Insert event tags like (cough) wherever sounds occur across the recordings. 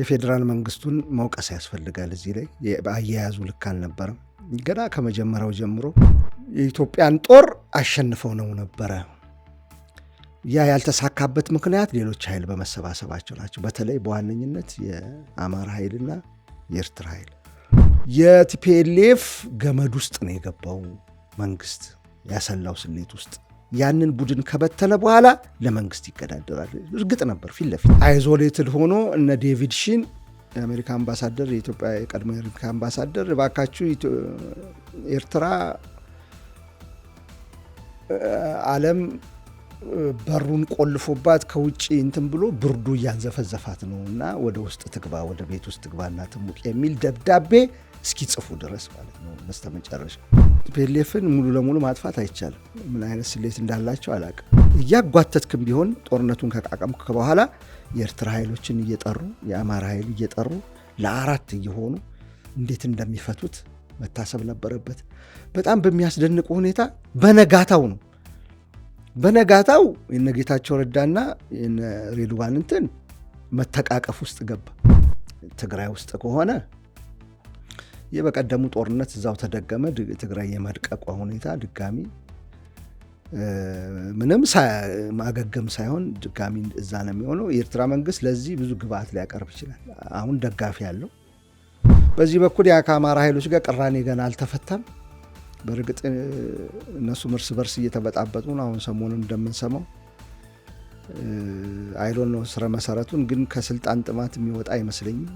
የፌዴራል መንግስቱን መውቀስ ያስፈልጋል። እዚህ ላይ አያያዙ ልክ አልነበረም። ገና ከመጀመሪያው ጀምሮ የኢትዮጵያን ጦር አሸንፈው ነው ነበረ። ያ ያልተሳካበት ምክንያት ሌሎች ኃይል በመሰባሰባቸው ናቸው። በተለይ በዋነኝነት የአማራ ኃይልና የኤርትራ ኃይል የቲፒኤልኤፍ ገመድ ውስጥ ነው የገባው መንግስት ያሰላው ስሌት ውስጥ ያንን ቡድን ከበተነ በኋላ ለመንግስት ይገዳደራል። እርግጥ ነበር ፊት ለፊት አይዞሌትድ ሆኖ እነ ዴቪድ ሺን የአሜሪካ አምባሳደር፣ የኢትዮጵያ የቀድሞ የአሜሪካ አምባሳደር እባካችሁ ኤርትራ ዓለም በሩን ቆልፎባት ከውጭ እንትን ብሎ ብርዱ እያንዘፈዘፋት ነው እና ወደ ውስጥ ትግባ፣ ወደ ቤት ውስጥ ትግባና ትሙቅ የሚል ደብዳቤ እስኪጽፉ ድረስ ማለት ነው። በስተመጨረሻ ቲፒኤልኤፍን ሙሉ ለሙሉ ማጥፋት አይቻልም። ምን አይነት ስሌት እንዳላቸው አላቅም። እያጓተትክም ቢሆን ጦርነቱን ከቃቀምክ በኋላ የኤርትራ ኃይሎችን እየጠሩ የአማራ ኃይል እየጠሩ ለአራት እየሆኑ እንዴት እንደሚፈቱት መታሰብ ነበረበት። በጣም በሚያስደንቁ ሁኔታ በነጋታው ነው በነጋታው የነ ጌታቸው ረዳና ሬድዋን እንትን መተቃቀፍ ውስጥ ገባ። ትግራይ ውስጥ ከሆነ ይህ በቀደሙ ጦርነት እዛው ተደገመ። ትግራይ የመድቀቋ ሁኔታ ድጋሚ ምንም ማገገም ሳይሆን ድጋሚ እዛ ነው የሚሆነው። የኤርትራ መንግስት ለዚህ ብዙ ግብአት ሊያቀርብ ይችላል። አሁን ደጋፊ ያለው በዚህ በኩል ያ ከአማራ ኃይሎች ጋር ቅራኔ ገና አልተፈታም። በእርግጥ እነሱም እርስ በርስ እየተበጣበጡ ነው። አሁን ሰሞኑን እንደምንሰማው አይሎን ነው ስረ መሰረቱን ግን ከስልጣን ጥማት የሚወጣ አይመስለኝም።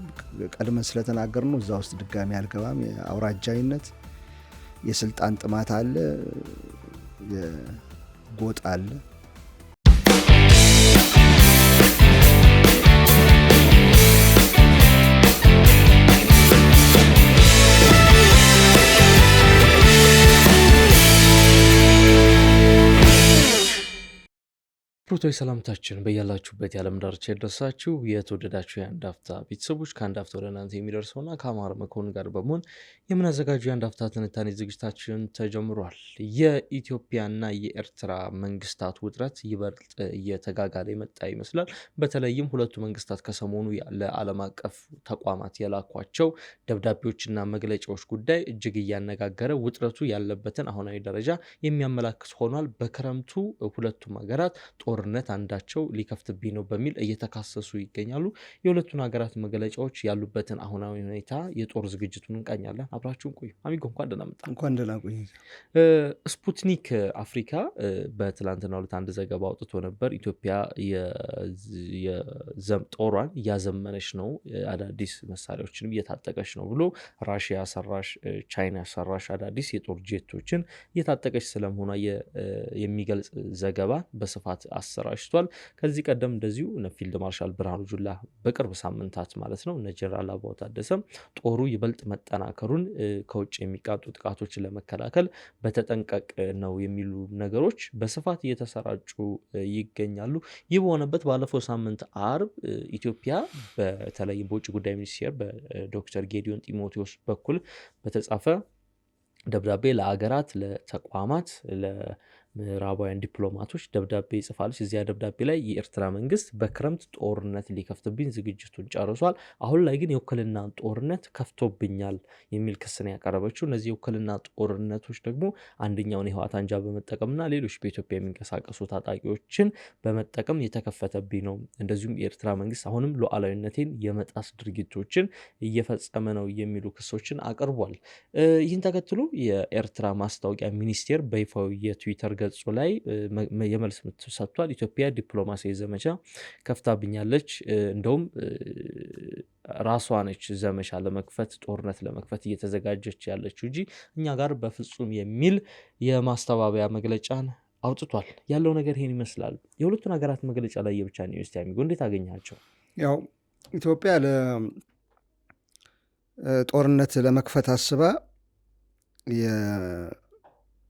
ቀድመን ስለተናገር ነው እዛ ውስጥ ድጋሚ አልገባም። አውራጃዊነት የስልጣን ጥማት አለ፣ የጎጥ አለ። ስፖርታዊ ሰላምታችን በያላችሁበት የዓለም ዳርቻ የደረሳችሁ የተወደዳችሁ የአንድ አፍታ ቤተሰቦች ከአንድ አፍታ ወደ እናንተ የሚደርሰውና ከአማር መኮንን ጋር በመሆን የምናዘጋጀው የአንድ አፍታ ትንታኔ ዝግጅታችን ተጀምሯል። የኢትዮጵያና የኤርትራ መንግስታት ውጥረት ይበልጥ እየተጋጋለ የመጣ ይመስላል። በተለይም ሁለቱ መንግስታት ከሰሞኑ ለዓለም አቀፍ ተቋማት የላኳቸው ደብዳቤዎችና መግለጫዎች ጉዳይ እጅግ እያነጋገረ ውጥረቱ ያለበትን አሁናዊ ደረጃ የሚያመላክት ሆኗል። በክረምቱ ሁለቱም ሀገራት ጦር ጦርነት አንዳቸው ሊከፍትብኝ ነው በሚል እየተካሰሱ ይገኛሉ። የሁለቱን ሀገራት መገለጫዎች ያሉበትን አሁናዊ ሁኔታ የጦር ዝግጅቱን እንቃኛለን። አብራችሁን ቆዩ። አሚጎ እንኳን ደህና መጣ። እንኳን ደህና ስፑትኒክ አፍሪካ በትላንትና ሁለት አንድ ዘገባ አውጥቶ ነበር። ኢትዮጵያ ጦሯን እያዘመነች ነው፣ አዳዲስ መሳሪያዎችንም እየታጠቀች ነው ብሎ ራሽያ ሰራሽ፣ ቻይና ሰራሽ አዳዲስ የጦር ጄቶችን እየታጠቀች ስለመሆኗ የሚገልጽ ዘገባ በስፋት ተሰራጭቷል። ከዚህ ቀደም እንደዚሁ እነ ፊልድ ማርሻል ብርሃኑ ጁላ በቅርብ ሳምንታት ማለት ነው እነ ጀነራል አበባው ታደሰ ጦሩ ይበልጥ መጠናከሩን ከውጭ የሚቃጡ ጥቃቶችን ለመከላከል በተጠንቀቅ ነው የሚሉ ነገሮች በስፋት እየተሰራጩ ይገኛሉ። ይህ በሆነበት ባለፈው ሳምንት አርብ ኢትዮጵያ በተለይም በውጭ ጉዳይ ሚኒስቴር በዶክተር ጌዲዮን ጢሞቴዎስ በኩል በተጻፈ ደብዳቤ ለአገራት፣ ለተቋማት ምዕራባውያን ዲፕሎማቶች ደብዳቤ ይጽፋለች። እዚያ ደብዳቤ ላይ የኤርትራ መንግስት በክረምት ጦርነት ሊከፍትብኝ ዝግጅቱን ጨርሷል፣ አሁን ላይ ግን የውክልና ጦርነት ከፍቶብኛል የሚል ክስን ያቀረበችው። እነዚህ የውክልና ጦርነቶች ደግሞ አንደኛውን የህወሓት አንጃ በመጠቀምና ሌሎች በኢትዮጵያ የሚንቀሳቀሱ ታጣቂዎችን በመጠቀም የተከፈተብኝ ነው፣ እንደዚሁም የኤርትራ መንግስት አሁንም ሉዓላዊነቴን የመጣስ ድርጊቶችን እየፈጸመ ነው የሚሉ ክሶችን አቅርቧል። ይህን ተከትሎ የኤርትራ ማስታወቂያ ሚኒስቴር በይፋዊ የትዊተር ገጹ ላይ የመልስ ምት ሰጥቷል። ኢትዮጵያ ዲፕሎማሲያዊ ዘመቻ ከፍታብኛለች፣ እንደውም ራሷ ነች ዘመቻ ለመክፈት ጦርነት ለመክፈት እየተዘጋጀች ያለችው እንጂ እኛ ጋር በፍጹም የሚል የማስተባበያ መግለጫን አውጥቷል። ያለው ነገር ይሄን ይመስላል። የሁለቱን ሀገራት መግለጫ ላይ የብቻ ኒውስ ሚጎ እንዴት አገኛቸው? ያው ኢትዮጵያ ለጦርነት ለመክፈት አስባ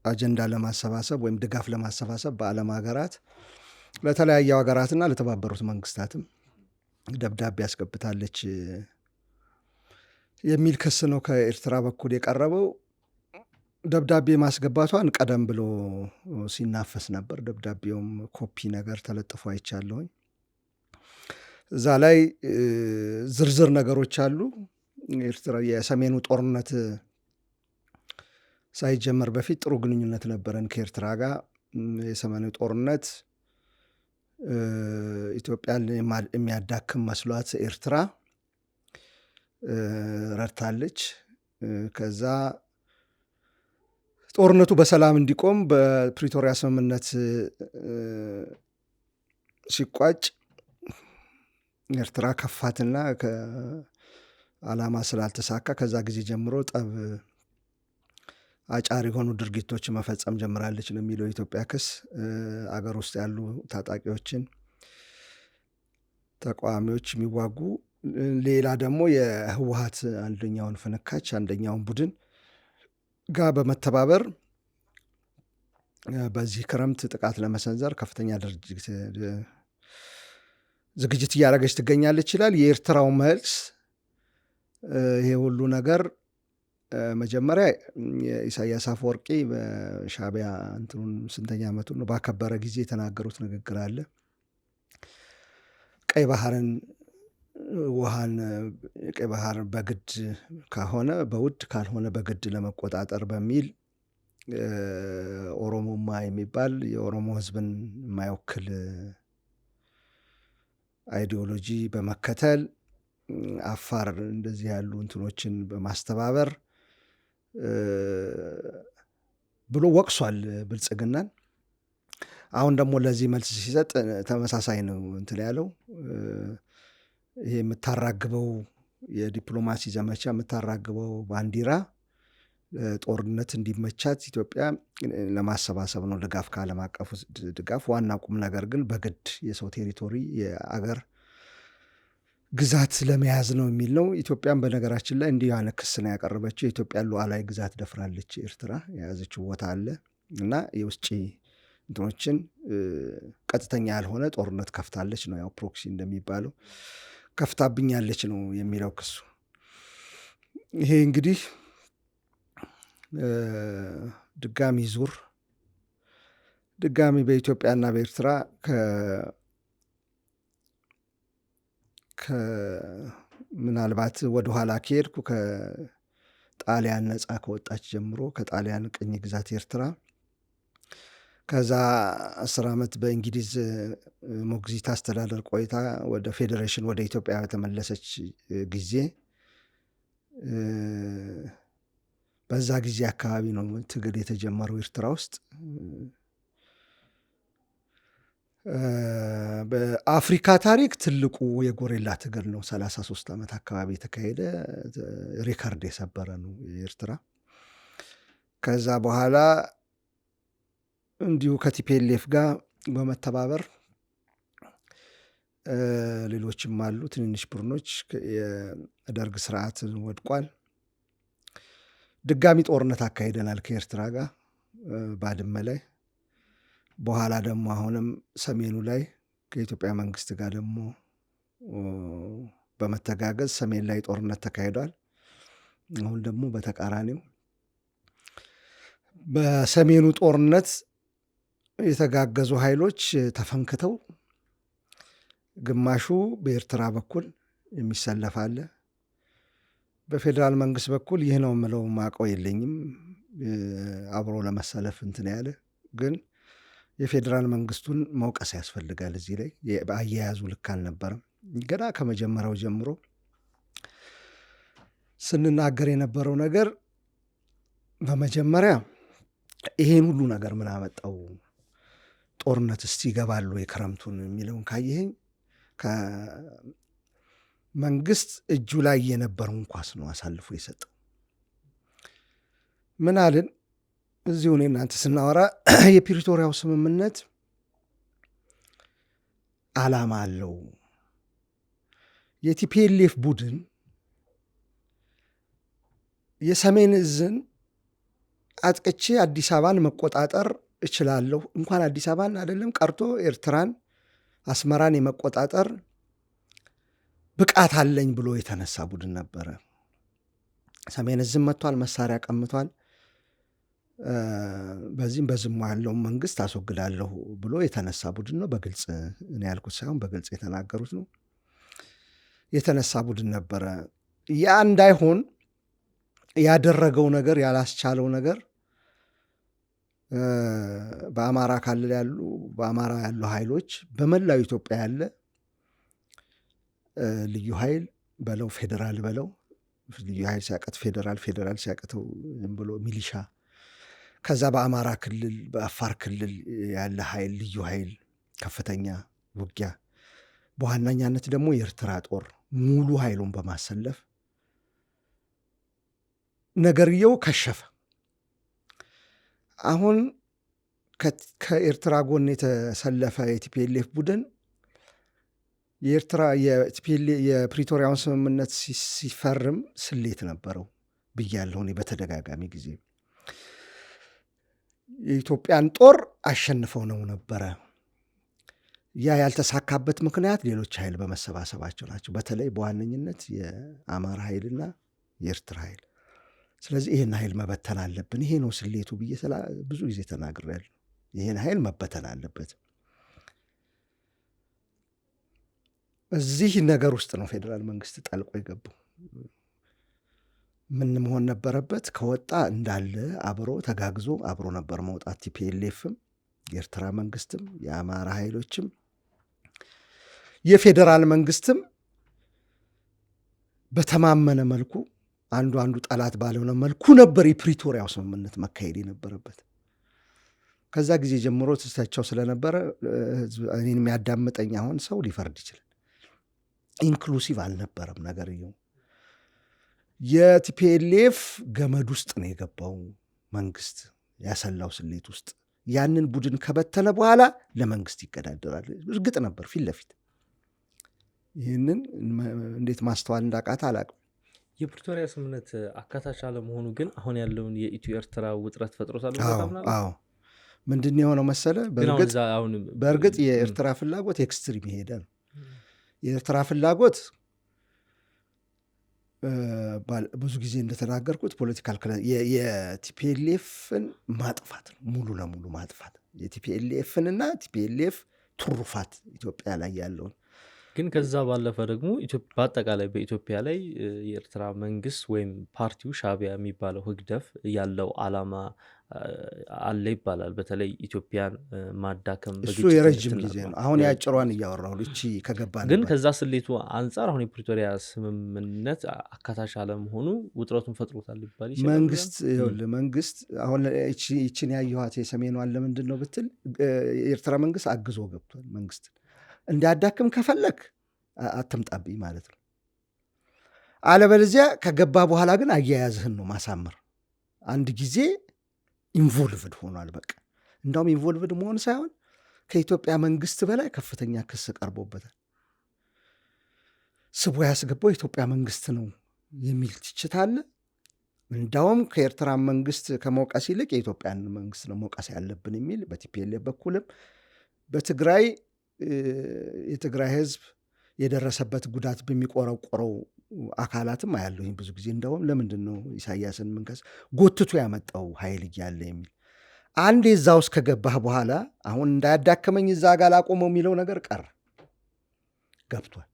አጀንዳ ለማሰባሰብ ወይም ድጋፍ ለማሰባሰብ በዓለም ሀገራት ለተለያዩ ሀገራትና ለተባበሩት መንግስታትም ደብዳቤ ያስገብታለች የሚል ክስ ነው ከኤርትራ በኩል የቀረበው። ደብዳቤ ማስገባቷን ቀደም ብሎ ሲናፈስ ነበር። ደብዳቤውም ኮፒ ነገር ተለጥፎ አይቻለሁኝ። እዛ ላይ ዝርዝር ነገሮች አሉ። የሰሜኑ ጦርነት ሳይጀመር በፊት ጥሩ ግንኙነት ነበረን ከኤርትራ ጋር። የሰሜኑ ጦርነት ኢትዮጵያን የሚያዳክም መስሏት ኤርትራ ረድታለች። ከዛ ጦርነቱ በሰላም እንዲቆም በፕሪቶሪያ ስምምነት ሲቋጭ ኤርትራ ከፋትና ከዓላማ ስላልተሳካ ከዛ ጊዜ ጀምሮ ጠብ አጫሪ የሆኑ ድርጊቶች መፈጸም ጀምራለች ነው የሚለው የኢትዮጵያ ክስ። አገር ውስጥ ያሉ ታጣቂዎችን፣ ተቃዋሚዎች የሚዋጉ ሌላ ደግሞ የህወሀት አንደኛውን ፍንካች አንደኛውን ቡድን ጋር በመተባበር በዚህ ክረምት ጥቃት ለመሰንዘር ከፍተኛ ድርጅት ዝግጅት እያደረገች ትገኛለች ይላል። የኤርትራው መልስ ይሄ ሁሉ ነገር መጀመሪያ ኢሳያስ አፈወርቂ በሻቢያ እንትኑን ስንተኛ ዓመቱ ነው ባከበረ ጊዜ የተናገሩት ንግግር አለ። ቀይ ባህርን ውሃን ቀይ ባህር በግድ ከሆነ በውድ ካልሆነ በግድ ለመቆጣጠር በሚል ኦሮሞማ የሚባል የኦሮሞ ሕዝብን የማይወክል አይዲዮሎጂ በመከተል አፋር እንደዚህ ያሉ እንትኖችን በማስተባበር ብሎ ወቅሷል ብልጽግናን። አሁን ደግሞ ለዚህ መልስ ሲሰጥ ተመሳሳይ ነው እንትን ያለው ይሄ የምታራግበው የዲፕሎማሲ ዘመቻ የምታራግበው ባንዲራ ጦርነት እንዲመቻት ኢትዮጵያ ለማሰባሰብ ነው ድጋፍ ከዓለም አቀፉ ድጋፍ ዋና ቁም ነገር ግን በግድ የሰው ቴሪቶሪ የአገር ግዛት ለመያዝ ነው የሚል ነው። ኢትዮጵያን በነገራችን ላይ እንዲህ ያለ ክስ ነው ያቀረበችው። የኢትዮጵያ ሉዓላዊ ግዛት ደፍራለች ኤርትራ የያዘችው ቦታ አለ እና የውስጭ እንትኖችን ቀጥተኛ ያልሆነ ጦርነት ከፍታለች ነው ያው ፕሮክሲ እንደሚባለው ከፍታብኛለች ነው የሚለው ክሱ። ይሄ እንግዲህ ድጋሚ ዙር ድጋሚ በኢትዮጵያና በኤርትራ ምናልባት ወደኋላ ከሄድኩ ከጣሊያን ነፃ ከወጣች ጀምሮ ከጣሊያን ቅኝ ግዛት ኤርትራ ከዛ አስር ዓመት በእንግሊዝ ሞግዚት አስተዳደር ቆይታ ወደ ፌዴሬሽን ወደ ኢትዮጵያ በተመለሰች ጊዜ በዛ ጊዜ አካባቢ ነው ትግል የተጀመረው ኤርትራ ውስጥ። በአፍሪካ ታሪክ ትልቁ የጎሬላ ትግል ነው። 33 ዓመት አካባቢ የተካሄደ ሪከርድ የሰበረ ነው የኤርትራ። ከዛ በኋላ እንዲሁ ከቲፔሌፍ ጋር በመተባበር ሌሎችም አሉ ትንንሽ ቡድኖች። የደርግ ስርዓት ወድቋል። ድጋሚ ጦርነት አካሄደናል ከኤርትራ ጋር ባድመ ላይ በኋላ ደግሞ አሁንም ሰሜኑ ላይ ከኢትዮጵያ መንግስት ጋር ደግሞ በመተጋገዝ ሰሜን ላይ ጦርነት ተካሂዷል። አሁን ደግሞ በተቃራኒው በሰሜኑ ጦርነት የተጋገዙ ኃይሎች ተፈንክተው ግማሹ በኤርትራ በኩል የሚሰለፍ አለ። በፌዴራል መንግስት በኩል ይህ ነው የምለው ማቀው የለኝም። አብሮ ለመሰለፍ እንትን ያለ ግን የፌዴራል መንግስቱን መውቀስ ያስፈልጋል። እዚህ ላይ በአያያዙ ልክ አልነበረም። ገና ከመጀመሪያው ጀምሮ ስንናገር የነበረው ነገር በመጀመሪያ ይሄን ሁሉ ነገር ምን አመጣው ጦርነት እስቲ ይገባሉ የክረምቱን የሚለውን ካየኸኝ ከመንግስት እጁ ላይ የነበረውን ኳስ ነው አሳልፎ የሰጠው። ምን አልን እዚሁ እኔ እናንተ ስናወራ (clears throat) የፕሪቶሪያው ስምምነት አላማ አለው። የቲፒኤልኤፍ ቡድን የሰሜን እዝን አጥቅቼ አዲስ አበባን መቆጣጠር እችላለሁ። እንኳን አዲስ አበባን አይደለም ቀርቶ ኤርትራን፣ አስመራን የመቆጣጠር ብቃት አለኝ ብሎ የተነሳ ቡድን ነበረ። ሰሜን እዝም መጥቷል፣ መሳሪያ ቀምቷል። በዚህም በዝሙ ያለውን መንግስት አስወግዳለሁ ብሎ የተነሳ ቡድን ነው። በግልጽ እኔ ያልኩት ሳይሆን በግልጽ የተናገሩት ነው። የተነሳ ቡድን ነበረ። ያ እንዳይሆን ያደረገው ነገር ያላስቻለው ነገር በአማራ ክልል ያሉ በአማራ ያሉ ኃይሎች በመላው ኢትዮጵያ ያለ ልዩ ኃይል በለው ፌዴራል በለው ልዩ ኃይል ሲያቀት ፌዴራል ፌዴራል ሲያቀተው ዝም ብሎ ሚሊሻ ከዛ በአማራ ክልል በአፋር ክልል ያለ ኃይል ልዩ ኃይል ከፍተኛ ውጊያ በዋናኛነት ደግሞ የኤርትራ ጦር ሙሉ ኃይሉን በማሰለፍ ነገርየው ከሸፈ። አሁን ከኤርትራ ጎን የተሰለፈ የቲፒኤልኤፍ ቡድን የኤርትራ የፕሪቶሪያውን ስምምነት ሲፈርም ስሌት ነበረው ብያለሁ እኔ በተደጋጋሚ ጊዜ የኢትዮጵያን ጦር አሸንፈው ነው ነበረ። ያ ያልተሳካበት ምክንያት ሌሎች ኃይል በመሰባሰባቸው ናቸው። በተለይ በዋነኝነት የአማራ ኃይልና የኤርትራ ኃይል። ስለዚህ ይህን ኃይል መበተን አለብን፣ ይሄ ነው ስሌቱ ብዬ ብዙ ጊዜ ተናግሬያለሁ። ይህን ኃይል መበተን አለበት። እዚህ ነገር ውስጥ ነው ፌዴራል መንግስት ጠልቆ የገባው። ምን መሆን ነበረበት? ከወጣ እንዳለ አብሮ ተጋግዞ አብሮ ነበር መውጣት። ቲፒኤልኤፍም የኤርትራ መንግስትም የአማራ ኃይሎችም የፌዴራል መንግስትም በተማመነ መልኩ አንዱ አንዱ ጠላት ባልሆነ መልኩ ነበር የፕሪቶሪያው ስምምነት መካሄድ የነበረበት። ከዛ ጊዜ ጀምሮ ትስተቸው ስለነበረ እኔን የሚያዳምጠኝ አሁን ሰው ሊፈርድ ይችላል። ኢንክሉሲቭ አልነበረም ነገር የቲፒኤልኤፍ ገመድ ውስጥ ነው የገባው መንግስት ያሰላው ስሌት ውስጥ ያንን ቡድን ከበተነ በኋላ ለመንግስት ይገዳደራል። እርግጥ ነበር ፊት ለፊት ይህንን እንዴት ማስተዋል እንዳቃት አላቅም። የፕሪቶሪያ ስምምነት አካታች አለመሆኑ ግን አሁን ያለውን የኢትዮ ኤርትራ ውጥረት ፈጥሮታል። ምንድን የሆነው መሰለ፣ በእርግጥ የኤርትራ ፍላጎት ኤክስትሪም ነው። የኤርትራ ፍላጎት ብዙ ጊዜ እንደተናገርኩት ፖለቲካል የቲፒኤልኤፍን ማጥፋት ነው፣ ሙሉ ለሙሉ ማጥፋት የቲፒኤልኤፍንና ቲፒኤልኤፍ ትሩፋት ኢትዮጵያ ላይ ያለውን ግን ከዛ ባለፈ ደግሞ በአጠቃላይ በኢትዮጵያ ላይ የኤርትራ መንግስት ወይም ፓርቲው ሻቢያ የሚባለው ህግደፍ ያለው አላማ አለ ይባላል። በተለይ ኢትዮጵያን ማዳከም እሱ የረዥም ጊዜ ነው። አሁን ያጭሯን እያወራሁ እቺ ከገባ ግን ከዛ ስሌቱ አንጻር አሁን የፕሪቶሪያ ስምምነት አካታች አለመሆኑ ውጥረቱን ፈጥሮታል ይባል መንግስት መንግስት አሁን እቺን ያየኋት የሰሜኗን ለምንድን ነው ብትል የኤርትራ መንግስት አግዞ ገብቷል መንግስትን እንዲያዳክም ከፈለግ አትምጣብኝ ማለት ነው። አለበለዚያ ከገባ በኋላ ግን አያያዝህን ነው ማሳምር አንድ ጊዜ ኢንቮልቭድ ሆኗል በቃ። እንዳውም ኢንቮልቭድ መሆን ሳይሆን ከኢትዮጵያ መንግስት በላይ ከፍተኛ ክስ ቀርቦበታል። ስቦ ያስገባው የኢትዮጵያ መንግስት ነው የሚል ትችት አለ። እንዳውም ከኤርትራ መንግስት ከመውቀስ ይልቅ የኢትዮጵያን መንግስት ነው መውቀስ ያለብን የሚል በቲፒኤልኤፍ በኩልም በትግራይ የትግራይ ህዝብ የደረሰበት ጉዳት በሚቆረቆረው አካላትም አያለሁኝ ብዙ ጊዜ። እንደውም ለምንድን ነው ኢሳያስን ምንከስ ጎትቶ ያመጣው ኃይል እያለ የሚል አንዴ እዛ ውስጥ ከገባህ በኋላ አሁን እንዳያዳከመኝ እዛ ጋር ላቆመው የሚለው ነገር ቀረ፣ ገብቷል።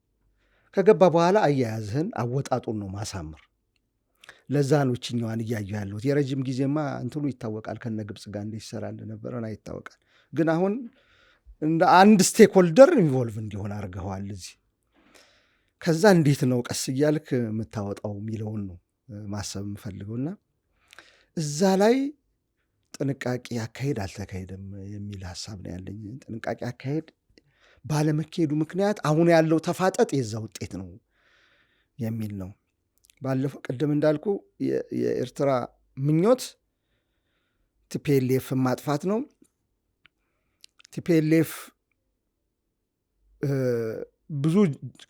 ከገባ በኋላ አያያዝህን አወጣጡን ነው ማሳምር። ለዛ ነው ችኛዋን እያዩ ያለሁት። የረጅም ጊዜማ እንትኑ ይታወቃል፣ ከነ ግብፅ ጋር እንደ ይሰራ እንደነበረ ይታወቃል። ግን አሁን አንድ ስቴክ ሆልደር ኢንቮልቭ እንዲሆን አድርገዋል እዚህ። ከዛ እንዴት ነው ቀስ እያልክ የምታወጣው የሚለውን ነው ማሰብ የምፈልገውና እዛ ላይ ጥንቃቄ አካሄድ አልተካሄደም የሚል ሀሳብ ነው ያለኝ። ጥንቃቄ አካሄድ ባለመካሄዱ ምክንያት አሁን ያለው ተፋጠጥ የዛ ውጤት ነው የሚል ነው። ባለፈው ቅድም እንዳልኩ የኤርትራ ምኞት ቲፒኤልኤፍን ማጥፋት ነው። ቲፒኤልኤፍ ብዙ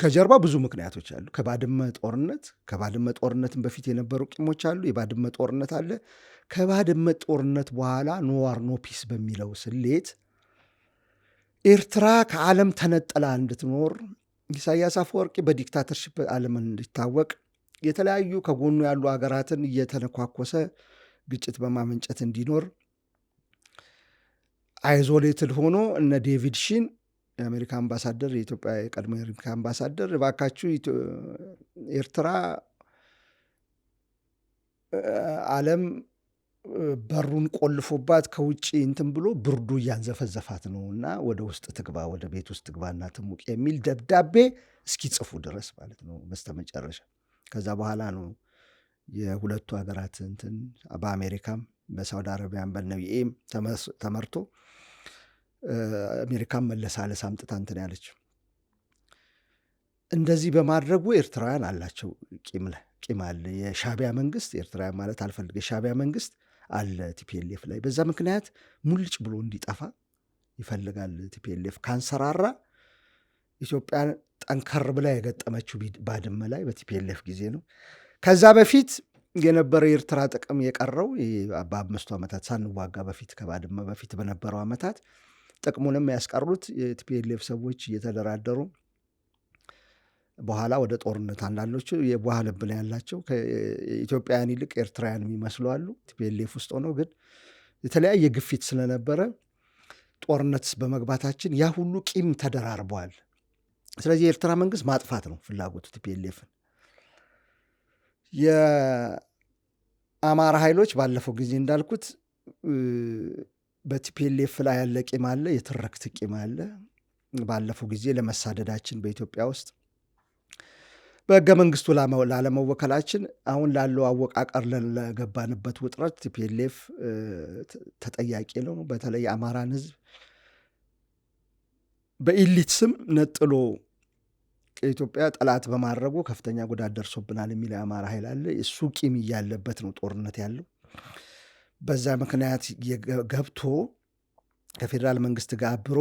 ከጀርባ ብዙ ምክንያቶች አሉ። ከባድመ ጦርነት ከባድመ ጦርነትን በፊት የነበሩ ቂሞች አሉ። የባድመ ጦርነት አለ። ከባድመ ጦርነት በኋላ ኖዋር ኖፒስ በሚለው ስሌት ኤርትራ ከዓለም ተነጠላ እንድትኖር ኢሳያስ አፈወርቂ በዲክታተርሽፕ ዓለም እንዲታወቅ የተለያዩ ከጎኑ ያሉ ሀገራትን እየተነኳኮሰ ግጭት በማመንጨት እንዲኖር አይዞሌትድ ሆኖ እነ ዴቪድ ሺን የአሜሪካ አምባሳደር የኢትዮጵያ የቀድሞ የአሜሪካ አምባሳደር እባካችሁ ኤርትራ ዓለም በሩን ቆልፎባት ከውጭ እንትን ብሎ ብርዱ እያንዘፈዘፋት ነው እና ወደ ውስጥ ትግባ ወደ ቤት ውስጥ ትግባና ትሙቅ የሚል ደብዳቤ እስኪጽፉ ድረስ ማለት ነው። በስተመጨረሻ ከዛ በኋላ ነው የሁለቱ ሀገራት እንትን በአሜሪካም በሳውዲ አረቢያን በነቢኤም ተመርቶ አሜሪካን መለሳለስ አምጥታ እንትን ያለችው። እንደዚህ በማድረጉ ኤርትራውያን አላቸው ቂም አለ። የሻቢያ መንግስት ኤርትራውያን ማለት አልፈልግ፣ የሻቢያ መንግስት አለ ቲፒኤልኤፍ ላይ። በዛ ምክንያት ሙልጭ ብሎ እንዲጠፋ ይፈልጋል ቲፒኤልኤፍ ካንሰራራ ኢትዮጵያ ጠንከር ብላ የገጠመችው ባድመ ላይ በቲፒኤልኤፍ ጊዜ ነው። ከዛ በፊት የነበረ የኤርትራ ጥቅም የቀረው በአምስቱ ዓመታት ሳንዋጋ በፊት ከባድመ በፊት በነበረው ዓመታት ጥቅሙንም ያስቀሩት የቲፒኤልኤፍ ሰዎች እየተደራደሩ በኋላ ወደ ጦርነት አንዳንዶቹ የዋህ ልብ ያላቸው። ከኢትዮጵያውያን ይልቅ ኤርትራውያን የሚመስሉ አሉ። ቲፒኤልኤፍ ውስጥ ሆነው ግን የተለያየ ግፊት ስለነበረ ጦርነት በመግባታችን ያ ሁሉ ቂም ተደራርበዋል። ስለዚህ የኤርትራ መንግስት ማጥፋት ነው ፍላጎቱ ቲፒኤልኤፍን። የአማራ ኃይሎች ባለፈው ጊዜ እንዳልኩት በቲፒኤልኤፍ ላይ ያለ ቂም አለ፣ የትረክት ቂም አለ። ባለፈው ጊዜ ለመሳደዳችን በኢትዮጵያ ውስጥ በህገ መንግስቱ ላለመወከላችን አሁን ላለው አወቃቀር ለገባንበት ውጥረት ቲፒኤልኤፍ ተጠያቂ ነው። በተለይ የአማራን ህዝብ በኢሊት ስም ነጥሎ ከኢትዮጵያ ጠላት በማድረጉ ከፍተኛ ጉዳት ደርሶብናል የሚል የአማራ ኃይል አለ። እሱ ቂም እያለበት ነው ጦርነት ያለው። በዛ ምክንያት ገብቶ ከፌዴራል መንግስት ጋር አብሮ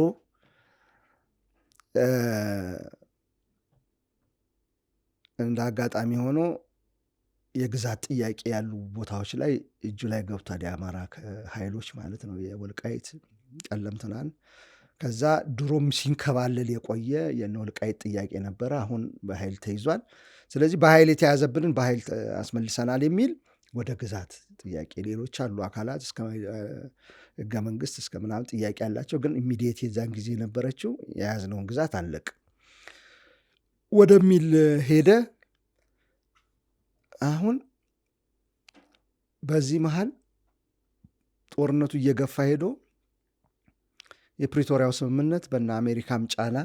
እንደ አጋጣሚ ሆኖ የግዛት ጥያቄ ያሉ ቦታዎች ላይ እጁ ላይ ገብቷል። የአማራ ኃይሎች ማለት ነው፣ የወልቃይት ቀለምትናን። ከዛ ድሮም ሲንከባለል የቆየ የወልቃይት ጥያቄ ነበረ። አሁን በኃይል ተይዟል። ስለዚህ በኃይል የተያዘብንን በኃይል አስመልሰናል የሚል ወደ ግዛት ጥያቄ ሌሎች አሉ አካላት እስከ ህገ መንግስት እስከ ምናምን ጥያቄ ያላቸው ግን ኢሚዲየት የዛን ጊዜ የነበረችው የያዝነውን ግዛት አለቅ ወደሚል ሄደ። አሁን በዚህ መሀል ጦርነቱ እየገፋ ሄዶ የፕሪቶሪያው ስምምነት በእነ አሜሪካም ጫና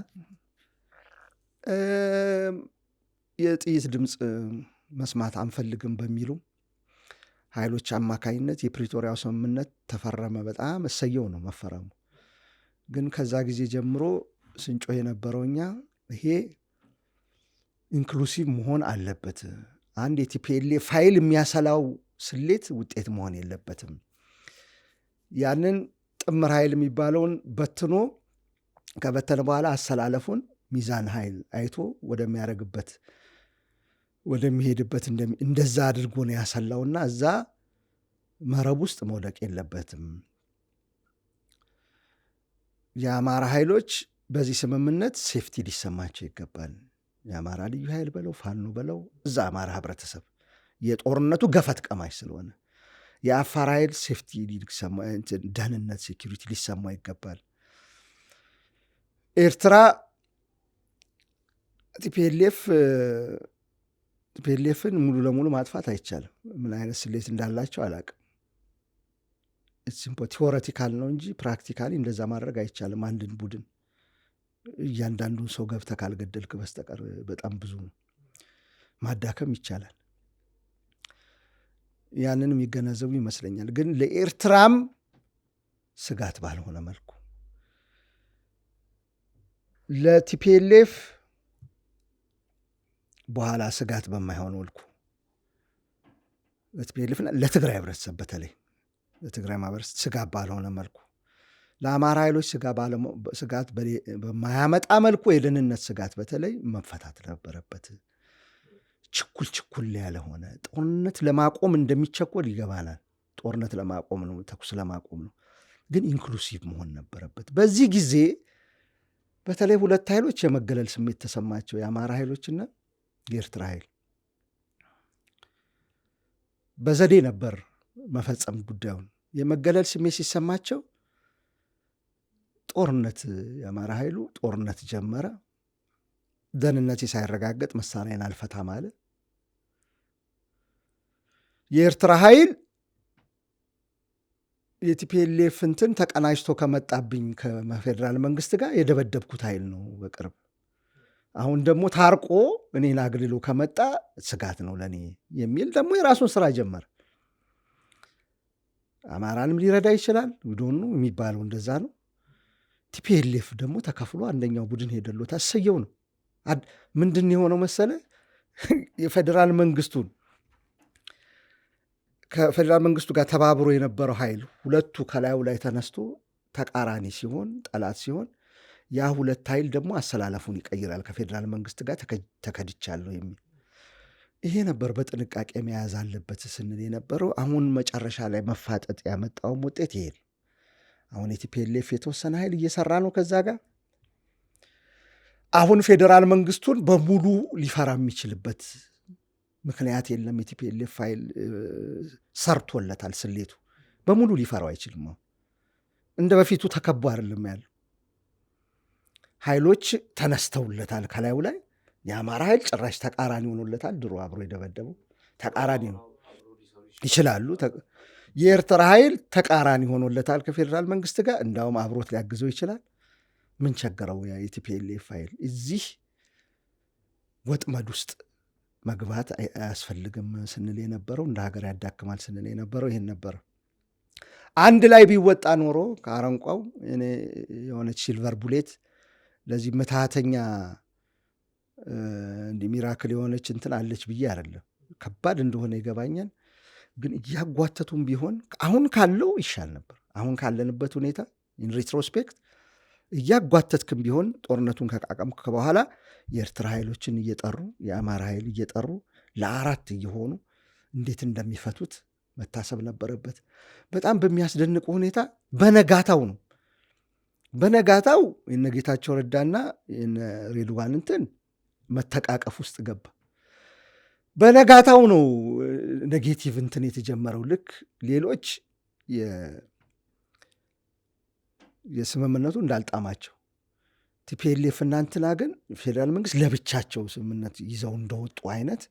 የጥይት ድምፅ መስማት አንፈልግም በሚሉም። ኃይሎች አማካኝነት የፕሪቶሪያው ስምምነት ተፈረመ። በጣም እሰየው ነው መፈረሙ። ግን ከዛ ጊዜ ጀምሮ ስንጮህ የነበረው እኛ ይሄ ኢንክሉሲቭ መሆን አለበት። አንድ የቲፒኤልኤ ፋይል የሚያሰላው ስሌት ውጤት መሆን የለበትም። ያንን ጥምር ኃይል የሚባለውን በትኖ ከበተነ በኋላ አሰላለፉን ሚዛን ኃይል አይቶ ወደሚያደርግበት ወደሚሄድበት እንደዛ አድርጎ ነው ያሰላውና እዛ መረብ ውስጥ መውደቅ የለበትም። የአማራ ኃይሎች በዚህ ስምምነት ሴፍቲ ሊሰማቸው ይገባል። የአማራ ልዩ ኃይል በለው ፋኖ በለው እዛ አማራ ህብረተሰብ የጦርነቱ ገፈት ቀማሽ ስለሆነ የአፋር ኃይል ሴፍቲ ደህንነት፣ ሴኪሪቲ ሊሰማ ይገባል። ኤርትራ ቲፒኤልኤፍ ቲፒኤልኤፍን ሙሉ ለሙሉ ማጥፋት አይቻልም። ምን አይነት ስሌት እንዳላቸው አላቅም። ቲዎረቲካል ነው እንጂ ፕራክቲካሊ እንደዛ ማድረግ አይቻልም። አንድን ቡድን እያንዳንዱን ሰው ገብተህ ካልገደልክ በስተቀር በጣም ብዙ ማዳከም ይቻላል። ያንን የሚገነዘቡ ይመስለኛል። ግን ለኤርትራም ስጋት ባልሆነ መልኩ ለቲፒኤልኤፍ በኋላ ስጋት በማይሆን ወልኩ ለቲፒኤልኤፍና ለትግራይ ህብረተሰብ በተለይ ለትግራይ ማህበረሰብ ስጋት ባልሆነ መልኩ ለአማራ ኃይሎች ስጋት በማያመጣ መልኩ የደህንነት ስጋት በተለይ መፈታት ነበረበት። ችኩል ችኩል ያለ ሆነ ጦርነት ለማቆም እንደሚቸኮል ይገባናል። ጦርነት ለማቆም ነው፣ ተኩስ ለማቆም ነው። ግን ኢንክሉሲቭ መሆን ነበረበት። በዚህ ጊዜ በተለይ ሁለት ኃይሎች የመገለል ስሜት ተሰማቸው፣ የአማራ ኃይሎችና የኤርትራ ኃይል በዘዴ ነበር መፈጸም ጉዳዩን። የመገለል ስሜት ሲሰማቸው ጦርነት የአማራ ኃይሉ ጦርነት ጀመረ። ደህንነት ሳይረጋገጥ መሳሪያን አልፈታ ማለት የኤርትራ ኃይል የቲፒኤልኤፍ እንትን ተቀናጅቶ ከመጣብኝ ከፌዴራል መንግስት ጋር የደበደብኩት ኃይል ነው በቅርብ አሁን ደግሞ ታርቆ እኔን አግልሎ ከመጣ ስጋት ነው ለእኔ የሚል ደግሞ የራሱን ስራ ጀመር። አማራንም ሊረዳ ይችላል ዶኑ የሚባለው እንደዛ ነው። ቲፒኤልኤፍ ደግሞ ተከፍሎ አንደኛው ቡድን ሄደሎ ታሰየው ነው። ምንድን የሆነው መሰለ የፌዴራል መንግስቱን ከፌዴራል መንግስቱ ጋር ተባብሮ የነበረው ኃይል ሁለቱ ከላዩ ላይ ተነስቶ ተቃራኒ ሲሆን ጠላት ሲሆን ያ ሁለት ኃይል ደግሞ አሰላለፉን ይቀይራል። ከፌዴራል መንግስት ጋር ተከድቻለሁ የሚል ይሄ ነበር በጥንቃቄ መያዝ አለበት ስንል የነበረው። አሁን መጨረሻ ላይ መፋጠጥ ያመጣውም ውጤት ይሄ ነው። አሁን የቲፒኤልኤፍ የተወሰነ ኃይል እየሰራ ነው ከዛ ጋር አሁን ፌዴራል መንግስቱን በሙሉ ሊፈራ የሚችልበት ምክንያት የለም። የቲፒኤልኤፍ ኃይል ሰርቶለታል። ስሌቱ በሙሉ ሊፈራው አይችልም። እንደ በፊቱ ተከቦ አይደለም ያለው ኃይሎች ተነስተውለታል። ከላዩ ላይ የአማራ ኃይል ጭራሽ ተቃራኒ ሆኖለታል። ድሮ አብሮ የደበደቡ ተቃራኒ ነው ይችላሉ። የኤርትራ ኃይል ተቃራኒ ሆኖለታል ከፌዴራል መንግስት ጋር እንዳውም አብሮት ሊያግዘው ይችላል። ምን ቸገረው? የቲፒኤልኤፍ ኃይል እዚህ ወጥመድ ውስጥ መግባት አያስፈልግም ስንል የነበረው እንደ ሀገር ያዳክማል ስንል የነበረው ይህን ነበር አንድ ላይ ቢወጣ ኖሮ ከአረንቋው የሆነች ሲልቨር ቡሌት ለዚህ ምትሃተኛ እንዲህ ሚራክል የሆነች እንትን አለች ብዬ አይደለም። ከባድ እንደሆነ ይገባኛል። ግን እያጓተቱም ቢሆን አሁን ካለው ይሻል ነበር። አሁን ካለንበት ሁኔታ ሪትሮስፔክት እያጓተትክም ቢሆን ጦርነቱን ከቃቀምክ በኋላ የኤርትራ ኃይሎችን እየጠሩ የአማራ ኃይል እየጠሩ ለአራት እየሆኑ እንዴት እንደሚፈቱት መታሰብ ነበረበት። በጣም በሚያስደንቁ ሁኔታ በነጋታው ነው በነጋታው የነ ጌታቸው ረዳና የነ ሬድዋን እንትን መተቃቀፍ ውስጥ ገባ። በነጋታው ነው ኔጌቲቭ እንትን የተጀመረው። ልክ ሌሎች የስምምነቱ እንዳልጣማቸው ቲፒኤልኤፍ እና እንትና ግን ፌዴራል መንግስት ለብቻቸው ስምምነት ይዘው እንደወጡ አይነት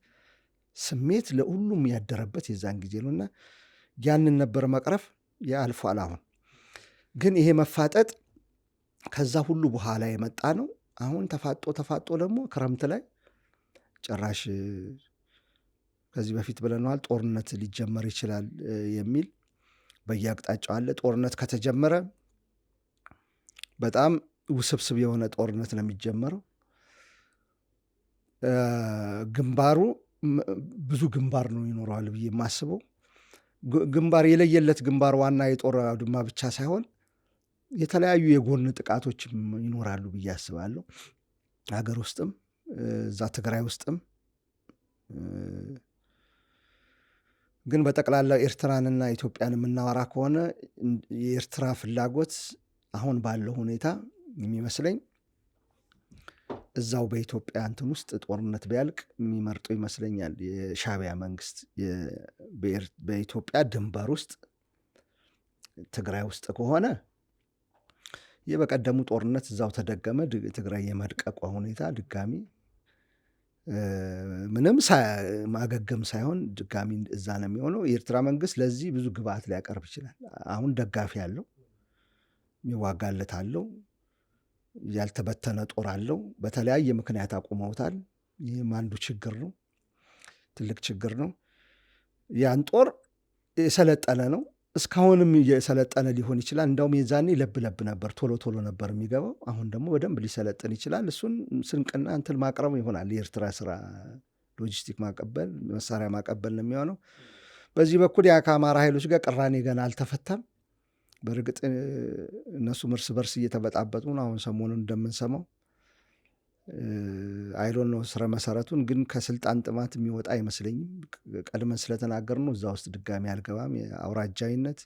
ስሜት ለሁሉም ያደረበት የዛን ጊዜ ነው እና ያንን ነበር መቅረፍ የአልፏል። አሁን ግን ይሄ መፋጠጥ ከዛ ሁሉ በኋላ የመጣ ነው። አሁን ተፋጦ ተፋጦ ደግሞ ክረምት ላይ ጭራሽ ከዚህ በፊት ብለነዋል፣ ጦርነት ሊጀመር ይችላል የሚል በየአቅጣጫው አለ። ጦርነት ከተጀመረ በጣም ውስብስብ የሆነ ጦርነት ነው የሚጀመረው። ግንባሩ ብዙ ግንባር ነው ይኖረዋል ብዬ የማስበው ግንባር የለየለት ግንባር ዋና የጦር አውድማ ብቻ ሳይሆን የተለያዩ የጎን ጥቃቶችም ይኖራሉ ብዬ አስባለሁ። ሀገር ውስጥም እዛ ትግራይ ውስጥም ግን በጠቅላላው ኤርትራንና ኢትዮጵያን የምናወራ ከሆነ የኤርትራ ፍላጎት አሁን ባለው ሁኔታ የሚመስለኝ እዛው በኢትዮጵያ እንትን ውስጥ ጦርነት ቢያልቅ የሚመርጡ ይመስለኛል። የሻቢያ መንግስት በኢትዮጵያ ድንበር ውስጥ ትግራይ ውስጥ ከሆነ የበቀደሙ ጦርነት እዛው ተደገመ። ትግራይ የመድቀቋ ሁኔታ ድጋሚ ምንም ማገገም ሳይሆን ድጋሚ እዛ ነው የሚሆነው። የኤርትራ መንግስት ለዚህ ብዙ ግብአት ሊያቀርብ ይችላል። አሁን ደጋፊ አለው፣ የሚዋጋለት አለው፣ ያልተበተነ ጦር አለው። በተለያየ ምክንያት አቁመውታል። ይህም አንዱ ችግር ነው፣ ትልቅ ችግር ነው። ያን ጦር የሰለጠነ ነው እስካሁንም የሰለጠነ ሊሆን ይችላል። እንዳውም የዛኔ ለብ ለብ ነበር፣ ቶሎ ቶሎ ነበር የሚገባው። አሁን ደግሞ በደንብ ሊሰለጥን ይችላል። እሱን ስንቅና እንትን ማቅረብ ይሆናል የኤርትራ ስራ፣ ሎጂስቲክ ማቀበል፣ መሳሪያ ማቀበል ነው የሚሆነው። በዚህ በኩል ያ ከአማራ ኃይሎች ጋር ቅራኔ ገና አልተፈታም። በእርግጥ እነሱም እርስ በርስ እየተበጣበጡ ነው አሁን ሰሞኑን እንደምንሰማው አይዶን ነው ስረ መሰረቱን ግን ከስልጣን ጥማት የሚወጣ አይመስለኝም። ቀድመን ስለተናገር ነው እዛ ውስጥ ድጋሚ አልገባም። የአውራጃዊነት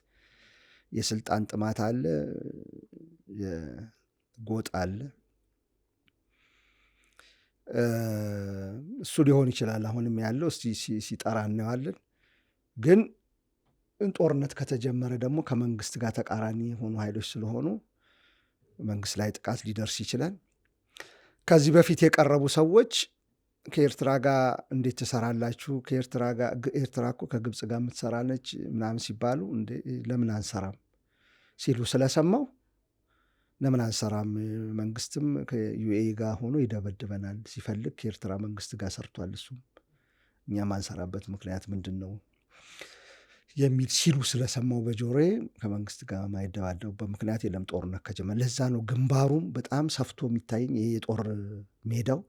የስልጣን ጥማት አለ፣ የጎጥ አለ። እሱ ሊሆን ይችላል አሁንም ያለው እስቲ ሲጠራ እናየዋለን። ግን ጦርነት ከተጀመረ ደግሞ ከመንግስት ጋር ተቃራኒ የሆኑ ኃይሎች ስለሆኑ መንግስት ላይ ጥቃት ሊደርስ ይችላል። ከዚህ በፊት የቀረቡ ሰዎች ከኤርትራ ጋር እንዴት ትሰራላችሁ? ከኤርትራ ጋር ኤርትራ እኮ ከግብፅ ጋር የምትሰራለች ምናምን ሲባሉ ለምን አንሰራም ሲሉ ስለሰማው ለምን አንሰራም፣ መንግስትም ከዩኤ ጋር ሆኖ ይደበድበናል ሲፈልግ ከኤርትራ መንግስት ጋር ሰርቷል። እሱም እኛም ማንሰራበት ምክንያት ምንድን ነው የሚል ሲሉ ስለሰማው በጆሬ ከመንግስት ጋር የማይደባደቡበት ምክንያት የለም። ጦርነት ከጀመረ ለዛ ነው ግንባሩም በጣም ሰፍቶ የሚታየኝ። ይህ የጦር ሜዳው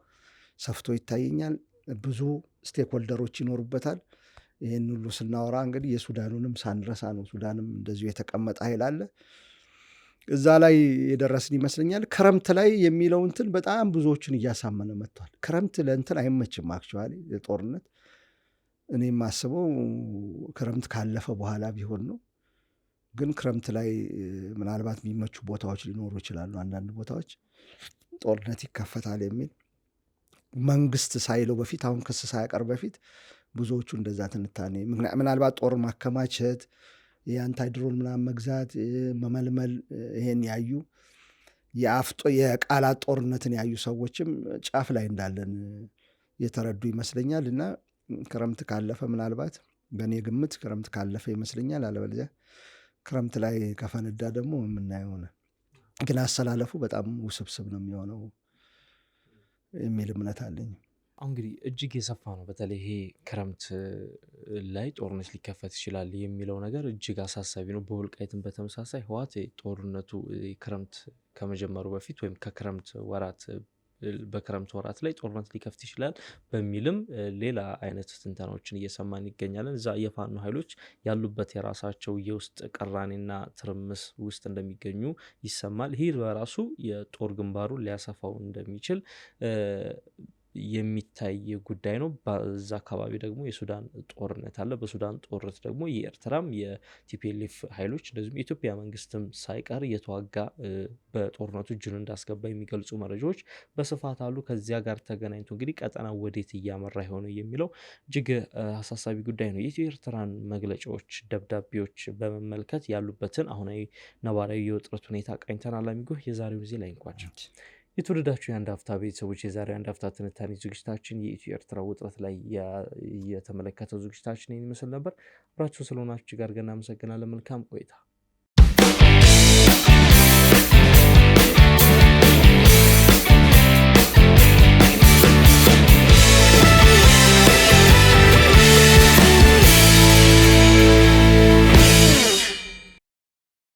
ሰፍቶ ይታየኛል። ብዙ ስቴክሆልደሮች ይኖሩበታል። ይህን ሁሉ ስናወራ እንግዲህ የሱዳኑንም ሳንረሳ ነው። ሱዳንም እንደዚሁ የተቀመጠ ኃይል አለ። እዛ ላይ የደረስን ይመስለኛል። ክረምት ላይ የሚለው እንትን በጣም ብዙዎችን እያሳመነ መጥቷል። ክረምት ለእንትን አይመችም። አክቹዋሊ ለጦርነት እኔ የማስበው ክረምት ካለፈ በኋላ ቢሆን ነው። ግን ክረምት ላይ ምናልባት የሚመቹ ቦታዎች ሊኖሩ ይችላሉ። አንዳንድ ቦታዎች ጦርነት ይከፈታል የሚል መንግስት ሳይለው በፊት አሁን ክስ ሳያቀርብ በፊት ብዙዎቹ እንደዛ ትንታኔ ምናልባት ጦር ማከማቸት የአንታይድሮን ምናምን መግዛት መመልመል ይሄን ያዩ የአፍጦ የቃላት ጦርነትን ያዩ ሰዎችም ጫፍ ላይ እንዳለን የተረዱ ይመስለኛል እና ክረምት ካለፈ ምናልባት በእኔ ግምት ክረምት ካለፈ ይመስለኛል። አለበለዚያ ክረምት ላይ ከፈነዳ ደግሞ የምናየው ሆነ። ግን አሰላለፉ በጣም ውስብስብ ነው የሚሆነው የሚል እምነት አለኝ። እንግዲህ እጅግ የሰፋ ነው። በተለይ ይሄ ክረምት ላይ ጦርነት ሊከፈት ይችላል የሚለው ነገር እጅግ አሳሳቢ ነው። በወልቃይትም በተመሳሳይ ህወሓት ጦርነቱ ክረምት ከመጀመሩ በፊት ወይም ከክረምት ወራት በክረምት ወራት ላይ ጦርነት ሊከፍት ይችላል በሚልም ሌላ አይነት ትንተናዎችን እየሰማን ይገኛለን። እዛ የፋኖ ኃይሎች ያሉበት የራሳቸው የውስጥ ቅራኔና ትርምስ ውስጥ እንደሚገኙ ይሰማል። ይህ በራሱ የጦር ግንባሩን ሊያሰፋው እንደሚችል የሚታይ ጉዳይ ነው። በዛ አካባቢ ደግሞ የሱዳን ጦርነት አለ። በሱዳን ጦርነት ደግሞ የኤርትራም የቲፒኤልኤፍ ኃይሎች እንደዚሁም የኢትዮጵያ መንግስትም ሳይቀር የተዋጋ በጦርነቱ እጁን እንዳስገባ የሚገልጹ መረጃዎች በስፋት አሉ። ከዚያ ጋር ተገናኝቶ እንግዲህ ቀጠና ወዴት እያመራ የሆነ የሚለው እጅግ አሳሳቢ ጉዳይ ነው። የኢትዮ ኤርትራን መግለጫዎች፣ ደብዳቤዎች በመመልከት ያሉበትን አሁናዊ ነባራዊ የውጥረት ሁኔታ ቃኝተናል። አሚጎ የዛሬውን ጊዜ ላይ እንቋጭ። የተወደዳችሁ የአንድ ሀፍታ ቤተሰቦች የዛሬ አንድ ሀፍታ ትንታኔ ዝግጅታችን የኢትዮ ኤርትራ ውጥረት ላይ የተመለከተው ዝግጅታችን ይህን ይመስል ነበር። አብራችሁ ስለሆናችሁ ጋር ገና አመሰግናለን። መልካም ቆይታ